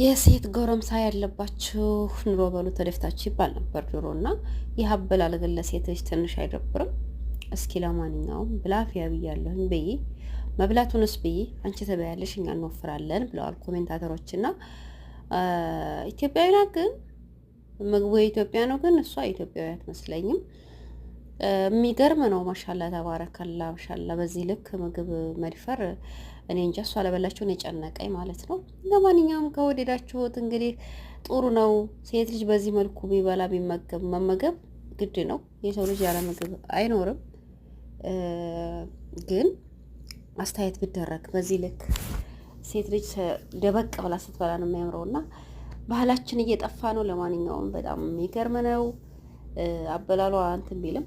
የሴት ጎረምሳ ያለባችሁ ኑሮ በሉ ተደፍታችሁ ይባል ነበር ድሮ እና ይህ አበላል ለሴት ልጅ ትንሽ አይደብርም? እስኪ ለማንኛውም ብላፊያ ብያለሁኝ ብይ መብላቱንስ ብይ አንቺ ትበያለሽ እኛ እንወፍራለን ብለዋል ኮሜንታተሮች እና ኢትዮጵያዊና ግን ምግቡ የኢትዮጵያ ነው ግን እሷ ኢትዮጵያዊ አትመስለኝም። የሚገርም ነው። ማሻላ ተባረከላ ማሻላ። በዚህ ልክ ምግብ መድፈር እኔ እንጃ እሷ አለበላችሁን የጨነቀኝ ማለት ነው። ለማንኛውም ከወደዳችሁት እንግዲህ ጥሩ ነው። ሴት ልጅ በዚህ መልኩ ቢበላ ቢመገብ መመገብ ግድ ነው። የሰው ልጅ ያለ ምግብ አይኖርም። ግን አስተያየት ቢደረግ በዚህ ልክ ሴት ልጅ ደበቅ ብላ ስትበላ ነው የሚያምረው እና ባህላችን እየጠፋ ነው። ለማንኛውም በጣም የሚገርም ነው አበላሏ እንትን ቢልም